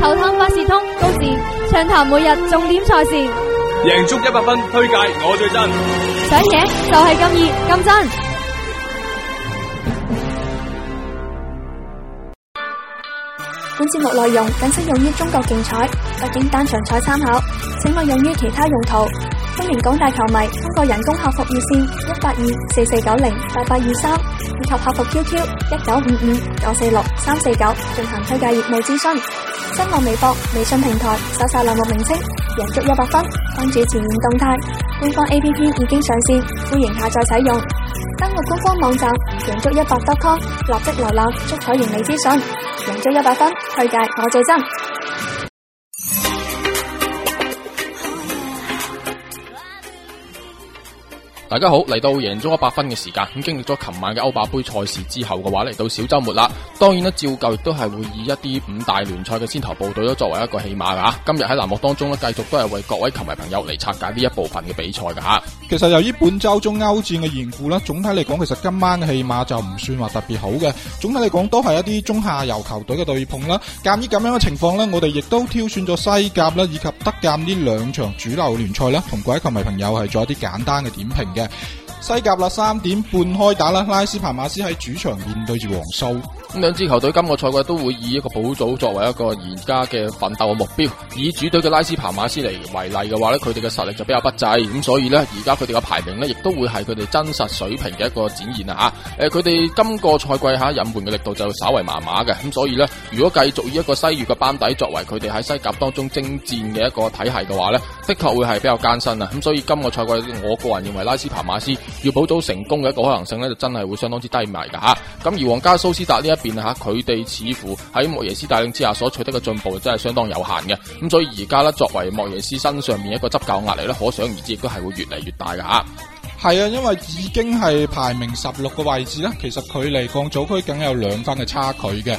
頭探百事通，高字，暢談每日重點賽事，贏足一百分推介，我最真，想贏就係、是、咁易，咁真。本節目內容僅適用於中國競彩、北京單場彩參考，請勿用於其他用途。歡迎廣大球迷通過人工客服熱線一八二四四九零八八二三以及客服 QQ 一九五五九四六三四九進行推介業務諮詢。新浪微博、微信平台，搜索欄目名稱“贏足一百分”，關注前沿動態。官方 APP 已經上線，歡迎下載使用。登錄官方網站“贏足一百分 .com”，立即瀏覽足彩完美資訊。贏足一百分，推介我最真。大家好，嚟到贏足 100FUN 嘅時間，咁經歷咗琴晚嘅歐霸盃賽事之後嘅話，嚟到小周末啦。當然啦，照舊亦都係會以一啲五大聯賽嘅先頭部隊咯，作為一個起馬噶。今日喺欄目當中咧，繼續都係為各位球迷朋友嚟拆解呢一部分嘅比賽噶吓。其實由於本周中歐戰嘅緣故啦，總體嚟講，其實今晚嘅戲碼就唔算話特別好嘅。總體嚟講，都係一啲中下游球隊嘅對碰啦。鑒於咁樣嘅情況咧，我哋亦都挑選咗西甲啦，以及德甲呢兩場主流聯賽咧，同各位球迷朋友係做一啲簡單嘅點評。西甲啦，三點半開打啦，拉斯帕馬斯喺主場面對住皇蘇。咁兩支球隊今個賽季都會以一個保組作為一個而家嘅奮鬥嘅目標。以主隊嘅拉斯帕馬斯嚟為例嘅話呢，佢哋嘅實力就比較不濟，咁所以呢，而家佢哋嘅排名呢，亦都會係佢哋真實水平嘅一個展現啊！吓，誒，佢哋今個賽季吓，引援嘅力度就稍為麻麻嘅，咁所以呢，如果繼續以一個西乙嘅班底作為佢哋喺西甲當中征戰嘅一個體系嘅話呢，的確會係比較艱辛啊！咁所以今個賽季，我個人認為拉斯帕馬斯要保組成功嘅一個可能性呢，就真係會相當之低迷嘅吓。咁而皇家蘇斯達呢一吓，佢哋似乎喺莫耶斯帶領之下所取得嘅進步真係相當有限嘅，咁所以而家咧作為莫耶斯身上面一個執教壓力咧，可想而知亦都係會越嚟越大噶吓。係啊，因為已經係排名十六個位置啦，其實佢離降組區梗有兩分嘅差距嘅。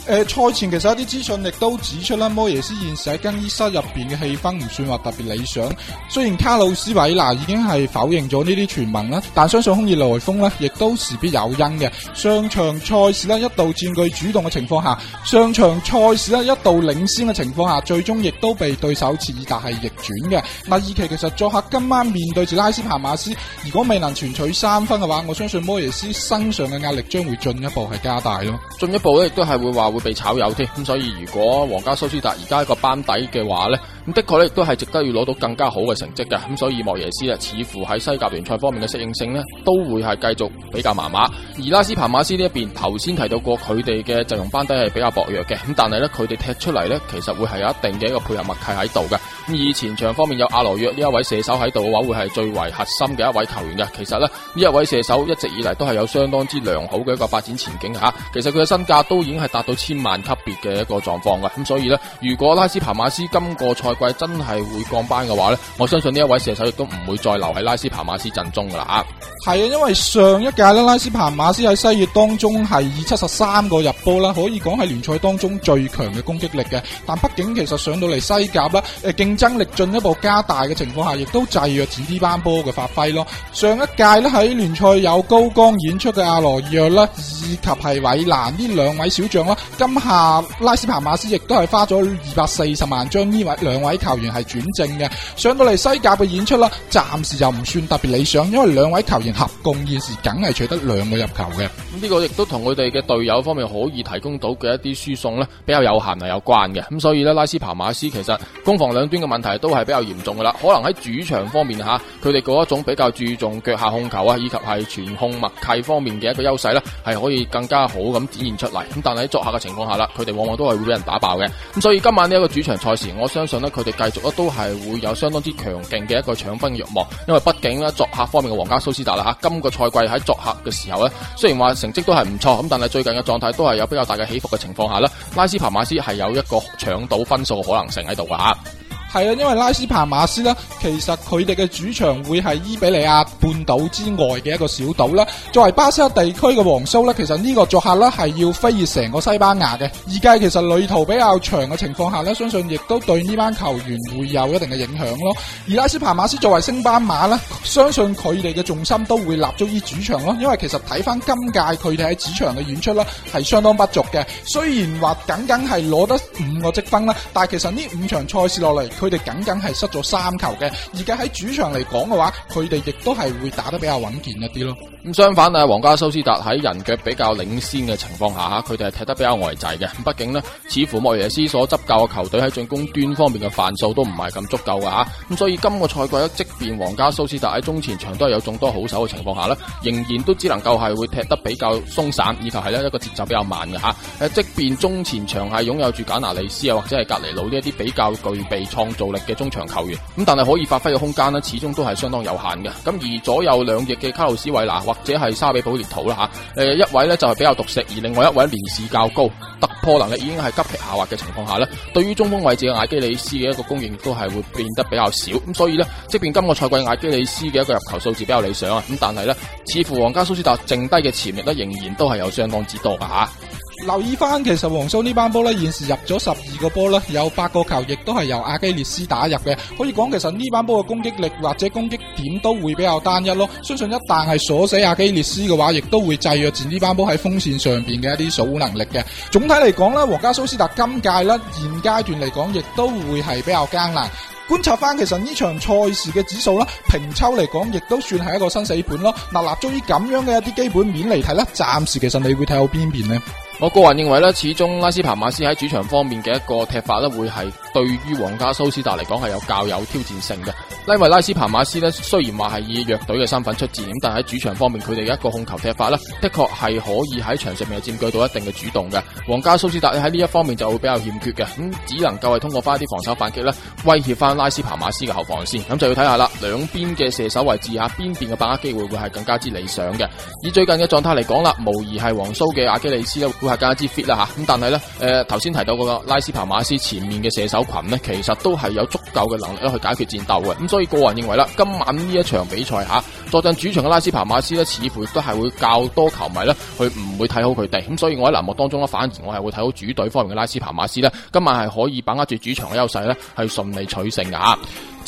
誒、呃，賽前其實一啲資訊亦都指出啦，摩耶斯現時喺更衣室入邊嘅氣氛唔算話特別理想。雖然卡路斯維拿已經係否認咗呢啲傳聞啦，但相信空穴來風呢亦都事必有因嘅。上場賽事咧一度佔據主動嘅情況下，上場賽事咧一度領先嘅情況下，最終亦都被對手切爾達係逆轉嘅。嗱，二期其實作客今晚面對住拉斯帕馬斯，如果未能全取三分嘅話，我相信摩耶斯身上嘅壓力將會進一步係加大咯，進一步咧亦都係會話。會被炒魷添，咁所以如果皇家蘇斯達而家個班底嘅話咧。咁，的確咧，亦都係值得要攞到更加好嘅成績嘅。咁所以莫耶斯咧，似乎喺西甲聯賽方面嘅適應性咧，都會係繼續比較麻麻。而拉斯帕馬斯呢一邊，頭先提到過佢哋嘅陣容班底係比較薄弱嘅。咁但係呢佢哋踢出嚟呢，其實會係有一定嘅一個配合默契喺度嘅。咁以前場方面有阿羅約呢一位射手喺度嘅話，會係最為核心嘅一位球員嘅。其實咧，呢一位射手一直以嚟都係有相當之良好嘅一個發展前景吓。其實佢嘅身價都已經係達到千萬級別嘅一個狀況嘅。咁所以呢如果拉斯帕馬斯今個賽季真係會降班嘅話呢，我相信呢一位射手亦都唔會再留喺拉斯帕馬斯陣中噶啦啊！係啊，因為上一屆咧，拉斯帕馬斯喺西乙當中係以七十三個入波啦，可以講係聯賽當中最強嘅攻擊力嘅。但畢竟其實上到嚟西甲啦，誒競爭力進一步加大嘅情況下，亦都制約住呢班波嘅發揮咯。上一屆咧喺聯賽有高光演出嘅阿羅約啦，以及係韋蘭呢兩位小將咯，今夏拉斯帕馬斯亦都係花咗二百四十萬將呢位兩。兩位球員係轉正嘅，上到嚟西甲嘅演出啦，暫時又唔算特別理想，因為兩位球員合共現時梗係取得兩個入球嘅，咁、這、呢個亦都同佢哋嘅隊友方面可以提供到嘅一啲輸送咧比較有限係有關嘅，咁、嗯、所以咧拉斯帕馬斯其實攻防兩端嘅問題都係比較嚴重噶啦，可能喺主場方面吓，佢哋嗰一種比較注重腳下控球啊，以及係傳控默契方面嘅一個優勢咧，係可以更加好咁展現出嚟，咁、嗯、但係喺作客嘅情況下啦，佢哋往往都係會俾人打爆嘅，咁、嗯、所以今晚呢一個主場賽事，我相信咧。佢哋繼續咧都係會有相當之強勁嘅一個搶分欲望，因為畢竟咧作客方面嘅皇家蘇斯達啦嚇，今個賽季喺作客嘅時候咧，雖然話成績都係唔錯，咁但係最近嘅狀態都係有比較大嘅起伏嘅情況下咧，拉斯帕馬斯係有一個搶到分數嘅可能性喺度噶嚇。係啊，因為拉斯帕馬斯咧，其實佢哋嘅主場會係伊比利亞半島之外嘅一個小島啦。作為巴斯克地區嘅皇社咧，其實這個呢個作客咧係要飛越成個西班牙嘅。而家其實旅途比較長嘅情況下咧，相信亦都對呢班球員會有一定嘅影響咯。而拉斯帕馬斯作為升班馬啦，相信佢哋嘅重心都會立足於主場咯。因為其實睇翻今屆佢哋喺主場嘅演出啦，係相當不俗嘅。雖然話僅僅係攞得五個積分啦，但係其實呢五場賽事落嚟。佢哋僅僅係失咗三球嘅，而家喺主場嚟講嘅話，佢哋亦都係會打得比較穩健一啲咯。咁相反啊，皇家蘇斯達喺人腳比較領先嘅情況下，吓佢哋係踢得比較呆滯嘅。畢竟呢，似乎莫耶斯所執教嘅球隊喺進攻端方面嘅範數都唔係咁足夠噶吓。咁所以今個賽季咧，即便皇家蘇斯達喺中前場都係有眾多好手嘅情況下呢，仍然都只能夠係會踢得比較鬆散，以及係呢一個節奏比較慢嘅吓。誒，即便中前場係擁有住簡拿利斯啊或者係格尼魯呢一啲比較具備創造力嘅中場球員，咁但係可以發揮嘅空間咧，始終都係相當有限嘅。咁而左右兩翼嘅卡洛斯韋拿，或者係沙比普列圖啦吓，誒一位呢就係比較獨食，而另外一位年事較高，突破能力已經係急劇下滑嘅情況下咧，對於中鋒位置嘅艾基里斯嘅一個供應都係會變得比較少。咁所以呢，即便今個賽季艾基里斯嘅一個入球數字比較理想啊，咁但係呢，似乎皇家蘇斯達剩低嘅潛力呢，仍然都係有相當之多啊。留意翻，其實皇蘇呢班波呢，現時入咗十二個波呢，有八個球亦都係由阿基列斯打入嘅。可以講，其實呢班波嘅攻擊力或者攻擊點都會比較單一咯。相信一旦係鎖死阿基列斯嘅話，亦都會制約住呢班波喺鋒線上邊嘅一啲數能力嘅。總體嚟講呢，皇家蘇斯達今屆呢現階段嚟講，亦都會係比較艱難。觀察翻，其實場賽呢場賽事嘅指數啦，平抽嚟講，亦都算係一個生死盤咯。嗱，立足於咁樣嘅一啲基本面嚟睇咧，暫時其實你會睇到邊邊呢？我個人認為呢，始終拉斯帕馬斯喺主場方面嘅一個踢法，咧，會係。對於皇家蘇斯達嚟講係有較有挑戰性嘅，因為拉斯帕馬斯咧雖然話係以弱隊嘅身份出戰，咁但係喺主場方面佢哋一個控球踢法呢，的確係可以喺場上面係佔據到一定嘅主動嘅。皇家蘇斯達喺呢一方面就會比較欠缺嘅，咁只能夠係通過翻啲防守反擊咧威脅翻拉斯帕馬斯嘅後防先，咁就要睇下啦，兩邊嘅射手位置啊，邊邊嘅把握機會會係更加之理想嘅。以最近嘅狀態嚟講啦，無疑係皇蘇嘅阿基里斯會係更加之 fit 啦吓，咁但係呢，誒頭先提到嗰個拉斯帕馬斯前面嘅射手。群咧，其實都係有足夠嘅能力去解決戰鬥嘅，咁所以個人認為啦，今晚呢一場比賽吓，坐鎮主場嘅拉斯帕馬斯咧，似乎都係會較多球迷咧，去唔會睇好佢哋，咁所以我喺欄目當中咧，反而我係會睇好主隊方面嘅拉斯帕馬斯咧，今晚係可以把握住主場嘅優勢咧，係順利取勝嘅吓。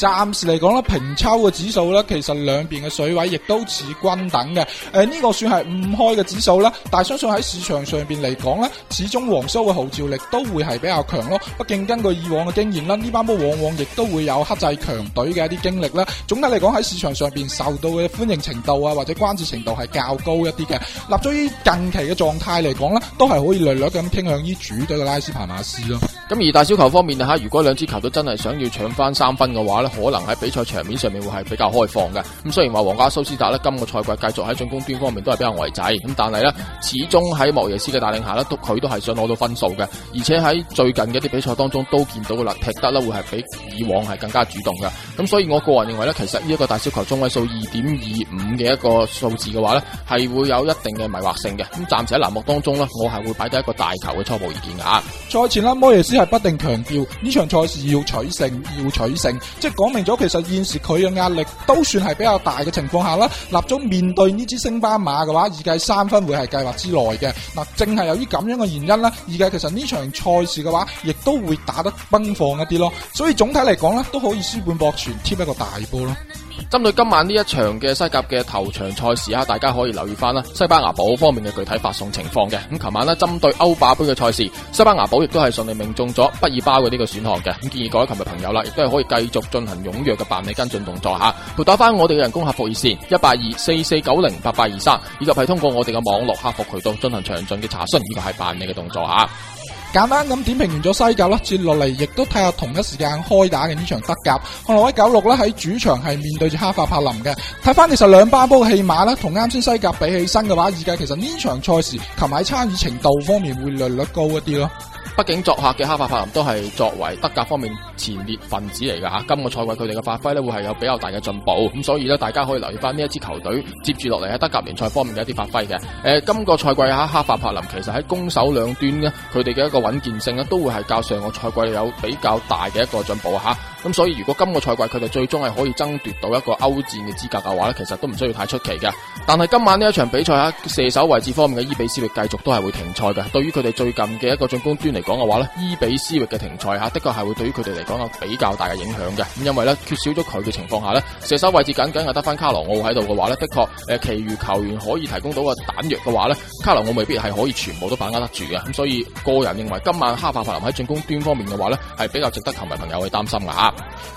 暫時嚟講咧，平抽嘅指數咧，其實兩邊嘅水位亦都似均等嘅。誒、呃，呢、這個算係唔開嘅指數啦，但係相信喺市場上邊嚟講咧，始終黃蘇嘅號召力都會係比較強咯。畢竟根據以往嘅經驗啦，呢班波往往亦都會有克制強隊嘅一啲經歷啦。總體嚟講喺市場上邊受到嘅歡迎程度啊，或者關注程度係較高一啲嘅。立足於近期嘅狀態嚟講咧，都係可以略略咁傾向於主隊嘅拉斯帕馬斯咯。咁而大小球方面吓，如果兩支球隊真係想要搶翻三分嘅話咧，可能喺比賽場面上面會係比較開放嘅，咁雖然話皇家蘇斯達呢今個賽季繼續喺進攻端方面都係比較呆仔，咁但係呢，始終喺莫耶斯嘅帶領下呢，都佢都係想攞到分數嘅，而且喺最近嘅一啲比賽當中都見到噶啦，踢得呢會係比以往係更加主動嘅，咁所以我個人認為呢，其實呢一個大小球中位數二點二五嘅一個數字嘅話呢，係會有一定嘅迷惑性嘅，咁暫時喺欄目當中呢，我係會擺低一個大球嘅初步意見噶啊，賽前啦莫耶斯係不定強調呢場賽事要取勝，要取勝，即講明咗，其實現時佢嘅壓力都算係比較大嘅情況下啦。立咗面對呢支升班馬嘅話，預計三分會係計劃之內嘅。嗱，正係由於咁樣嘅原因啦，預計其實呢場賽事嘅話，亦都會打得奔放一啲咯。所以總體嚟講咧，都可以輸半博全貼一個大波咯。針對今晚呢一場嘅西甲嘅頭場賽事，哈，大家可以留意翻啦，西班牙堡方面嘅具體發送情況嘅。咁琴晚咧，針對歐霸杯嘅賽事，西班牙堡亦都係順利命中咗不二包嘅呢個選項嘅。咁建議各位球迷朋友啦，亦都係可以繼續進行踴躍嘅辦理跟進動作吓。撥打翻我哋嘅人工客服熱線一八二四四九零八八二三，823, 以及係通過我哋嘅網絡客服渠道進行詳盡嘅查詢，呢個係辦理嘅動作吓。簡單咁點評完咗西甲啦，接落嚟亦都睇下看看同一時間開打嘅呢場德甲。睇嚟喺九六咧喺主場係面對住哈法柏林嘅。睇翻其實兩班波嘅戲碼啦，同啱先西甲比起身嘅話，而家其實呢場賽事，琴日參與程度方面會略略高一啲咯。畢竟作客嘅哈法柏林都係作為德甲方面前列分子嚟噶吓，今個賽季佢哋嘅發揮咧會係有比較大嘅進步，咁所以咧大家可以留意翻，呢一支球隊接住落嚟，喺德甲聯賽方面嘅一啲發揮嘅。誒、呃，今個賽季吓哈法柏林其實喺攻守兩端咧，佢哋嘅一個穩健性咧都會係較上個賽季有比較大嘅一個進步吓。咁、嗯、所以如果今個賽季佢哋最終係可以爭奪到一個歐戰嘅資格嘅話呢，其實都唔需要太出奇嘅。但係今晚呢一場比賽吓，射手位置方面嘅伊比斯域繼續都係會停賽嘅。對於佢哋最近嘅一個進攻端嚟講嘅話呢，伊比斯域嘅停賽吓，的確係會對於佢哋嚟講有比較大嘅影響嘅。咁、嗯、因為咧，缺少咗佢嘅情況下呢，射手位置僅僅係得翻卡羅奧喺度嘅話呢，的確誒，其餘球員可以提供到個彈藥嘅話呢，卡羅奧未必係可以全部都把握得住嘅。咁所以個人認為今晚哈法柏林喺進攻端方面嘅話呢，係比較值得球迷朋友去擔心嘅吓。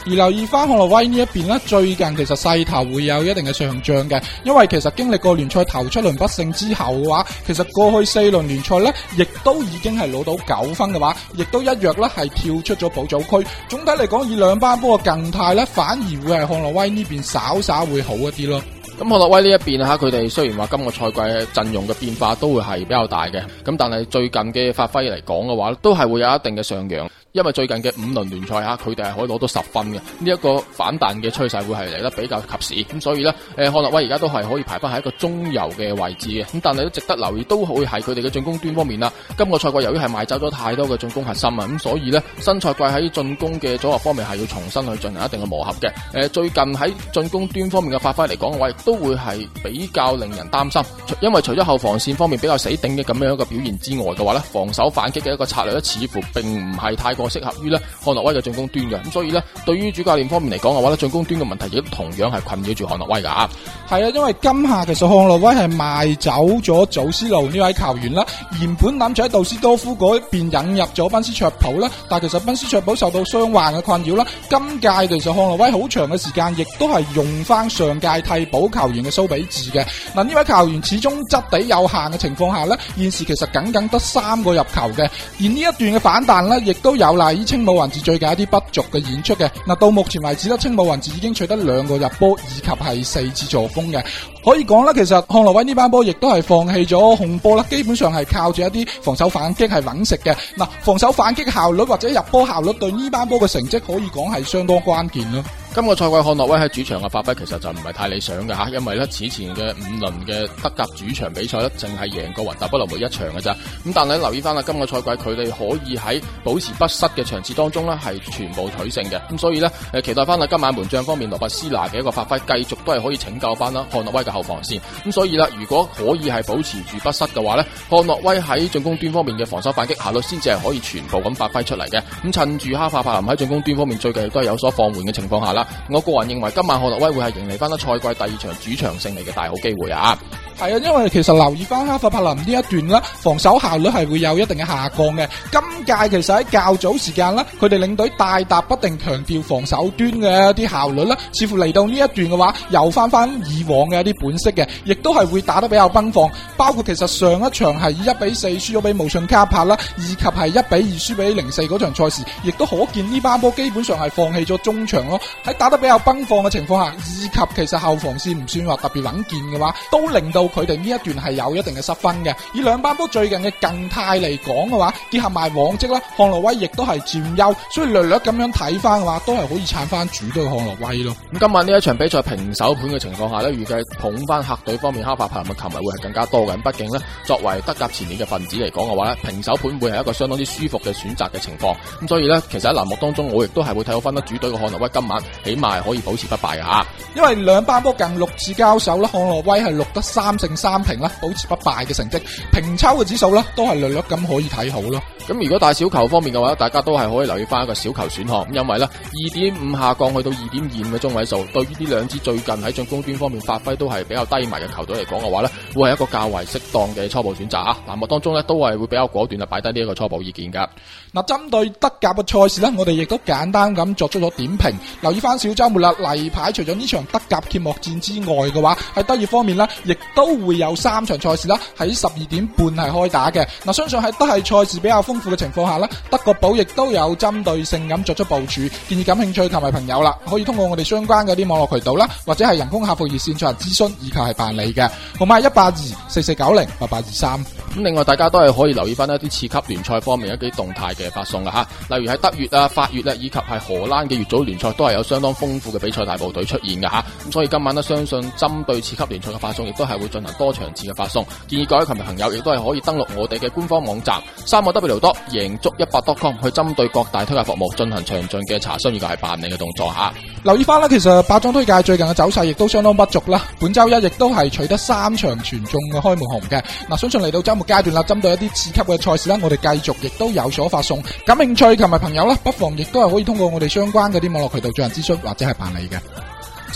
而留意翻漢諾威呢一邊咧，最近其實勢頭會有一定嘅上漲嘅，因為其實經歷過聯賽頭七輪不勝之後嘅話，其實過去四輪聯賽呢亦都已經係攞到九分嘅話，亦都一樣呢係跳出咗保組區。總體嚟講，以兩班波嘅近態呢，反而會係漢諾威呢邊稍稍會好一啲咯。咁漢諾威呢一邊吓，佢哋雖然話今個賽季陣容嘅變化都會係比較大嘅，咁但係最近嘅發揮嚟講嘅話，都係會有一定嘅上揚。因為最近嘅五輪聯賽嚇，佢哋係可以攞到十分嘅，呢、這、一個反彈嘅趨勢會係嚟得比較及時，咁所以呢，誒漢諾威而家都係可以排翻喺一個中游嘅位置嘅，咁但係都值得留意，都可以係佢哋嘅進攻端方面啦。今、這個賽季由於係賣走咗太多嘅進攻核心啊，咁所以呢，新賽季喺進攻嘅組合方面係要重新去進行一定嘅磨合嘅。誒、呃、最近喺進攻端方面嘅發揮嚟講，我亦都會係比較令人擔心，因為除咗後防線方面比較死頂嘅咁樣一個表現之外嘅話呢，防守反擊嘅一個策略咧，似乎並唔係太過。適合於咧，漢諾威嘅進攻端嘅，咁所以咧，對於主教練方面嚟講嘅話咧，進攻端嘅問題亦都同樣係困擾住漢諾威噶。係啊，因為今下其實漢諾威係賣走咗祖斯路呢位球員啦，原本諗住喺杜斯多夫嗰邊引入咗賓斯卓普啦，但係其實賓斯卓普受到傷患嘅困擾啦，今屆其實漢諾威好長嘅時間亦都係用翻上屆替補球員嘅蘇比治嘅，嗱呢位球員始終質地有限嘅情況下呢，現時其實僅僅得三個入球嘅，而呢一段嘅反彈呢亦都有。嗱，以青武雲字最近一啲不俗嘅演出嘅，嗱，到目前為止，咧，青武雲字已經取得兩個入波，以及係四次助攻嘅。可以講啦，其實漢諾威呢班波亦都係放棄咗控波啦，基本上係靠住一啲防守反擊係穩食嘅。嗱，防守反擊效率或者入波效率對呢班波嘅成績可以講係相當關鍵咯。今個賽季漢諾威喺主場嘅發揮其實就唔係太理想嘅嚇，因為咧此前嘅五輪嘅德甲主場比賽咧，淨係贏過雲達不萊梅一場嘅咋。咁但係留意翻啦，今個賽季佢哋可以喺保持不失嘅場次當中咧，係全部取勝嘅。咁所以咧，誒期待翻啦今晚門將方面羅伯斯拿嘅一個發揮，繼續都係可以拯救翻啦漢諾威後防線，咁所以啦，如果可以係保持住不失嘅話呢，漢諾威喺進攻端方面嘅防守反擊效率，先至係可以全部咁發揮出嚟嘅。咁趁住哈法柏林喺進攻端方面最近亦都係有所放緩嘅情況下啦，我個人認為今晚漢諾威會係迎嚟翻咗賽季第二場主場勝利嘅大好機會啊！係啊，因為其實留意翻哈佛柏林呢一段啦，防守效率係會有一定嘅下降嘅。今屆其實喺較早時間啦，佢哋領隊大達不定強調防守端嘅一啲效率啦，似乎嚟到呢一段嘅話，又翻翻以往嘅一啲本色嘅，亦都係會打得比較奔放。包括其實上一場係以一比四輸咗俾慕遜加柏啦，以及係一比二輸俾零四嗰場賽事，亦都可見呢班波基本上係放棄咗中場咯。喺打得比較奔放嘅情況下，以及其實後防線唔算話特別穩健嘅話，都令到。佢哋呢一段係有一定嘅失分嘅，以兩班波最近嘅近態嚟講嘅話，結合埋往績啦，漢諾威亦都係佔優，所以略略咁樣睇翻嘅話，都係可以撐翻主隊漢諾威咯。咁今晚呢一場比賽平手盤嘅情況下咧，預計捧翻客隊方面，哈法柏林嘅球迷會係更加多嘅。畢竟呢，作為德甲前面嘅分子嚟講嘅話咧，平手盤會係一個相當之舒服嘅選擇嘅情況。咁所以呢，其實喺欄目當中，我亦都係會睇到分得主隊嘅漢諾威今晚起碼係可以保持不敗嘅吓，因為兩班波近六次交手咧，漢諾威係錄得三。剩三平啦，保持不敗嘅成績，平抽嘅指數啦，都係略略咁可以睇好咯。咁如果大小球方面嘅話，大家都係可以留意翻一個小球選項。咁因為呢，二點五下降去到二點二五嘅中位數，對於呢兩支最近喺進攻端方面發揮都係比較低迷嘅球隊嚟講嘅話呢，會係一個較為適當嘅初步選擇啊。欄目當中呢都係會比較果斷啊，擺低呢一個初步意見噶。嗱，針對德甲嘅賽事呢，我哋亦都簡單咁作出咗點評。留意翻小週末啦，嚟排除咗呢場德甲揭幕戰之外嘅話，喺德乙方面呢亦都。都會有三場賽事啦，喺十二點半係開打嘅。嗱、啊，相信喺都係賽事比較豐富嘅情況下呢，德國寶亦都有針對性咁作出部署。建議感興趣球迷朋友啦，可以通過我哋相關嘅啲網絡渠道啦，或者係人工客服熱線進行諮詢以及係辦理嘅。號碼一八二四四九零八八二三。咁另外，大家都係可以留意翻一啲次級聯賽方面一啲動態嘅發送啦吓，例如喺德乙、啊、法乙，咧，以及係荷蘭嘅乙組聯賽，都係有相當豐富嘅比賽大部隊出現嘅吓。咁所以今晚咧，相信針對次級聯賽嘅發送，亦都係會進行多場次嘅發送。建議各位球迷朋友，亦都係可以登錄我哋嘅官方網站三個 W 多贏足一百 .com 去針對各大推介服務進行詳盡嘅查詢，以及係辦理嘅動作吓。留意翻啦，其實八中推介最近嘅走勢亦都相當不俗啦。本周一亦都係取得三場全中嘅開門紅嘅。嗱，相信嚟到周末階段啦，針對一啲次級嘅賽事啦，我哋繼續亦都有所發送。感興趣同埋朋友啦，不妨亦都係可以通過我哋相關嘅啲網絡渠道進行諮詢或者係辦理嘅。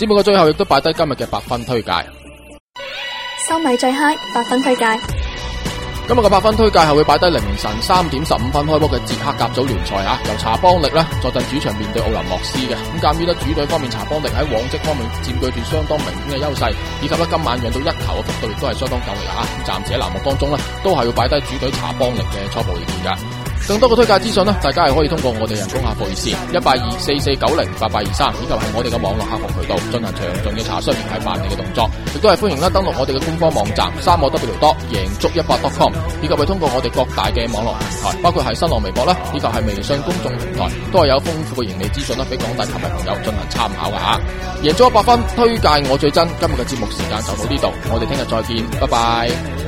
節目嘅最後亦都擺低今日嘅八分推介，收米最嗨，i 八分推介。今日嘅八分推介係會擺低凌晨三點十五分開波嘅捷克甲組聯賽啊，由查邦力咧坐鎮主場面對奧林匹斯嘅。咁鑑於咧主隊方面查邦力喺往績方面佔據住相當明顯嘅優勢，以及咧今晚贏到一球嘅幅度亦都係相當夠力啊。咁暫時喺欄目當中咧都係要擺低主隊查邦力嘅初步意見噶。更多嘅推介資訊呢？大家係可以通過我哋人工客服熱線一八二四四九零八八二三，以及係我哋嘅網絡客服渠道進行詳盡嘅查詢，以及辦理嘅動作，亦都係歡迎啦！登錄我哋嘅官方網站三 w 多贏足一百 com，以及係通過我哋各大嘅網絡平台，包括係新浪微博啦，以及係微信公眾平台，都係有豐富嘅盈利資訊啦，俾廣大球迷朋友進行參考噶吓。贏足一百分，推介我最真。今日嘅節目時間就到呢度，我哋聽日再見，拜拜。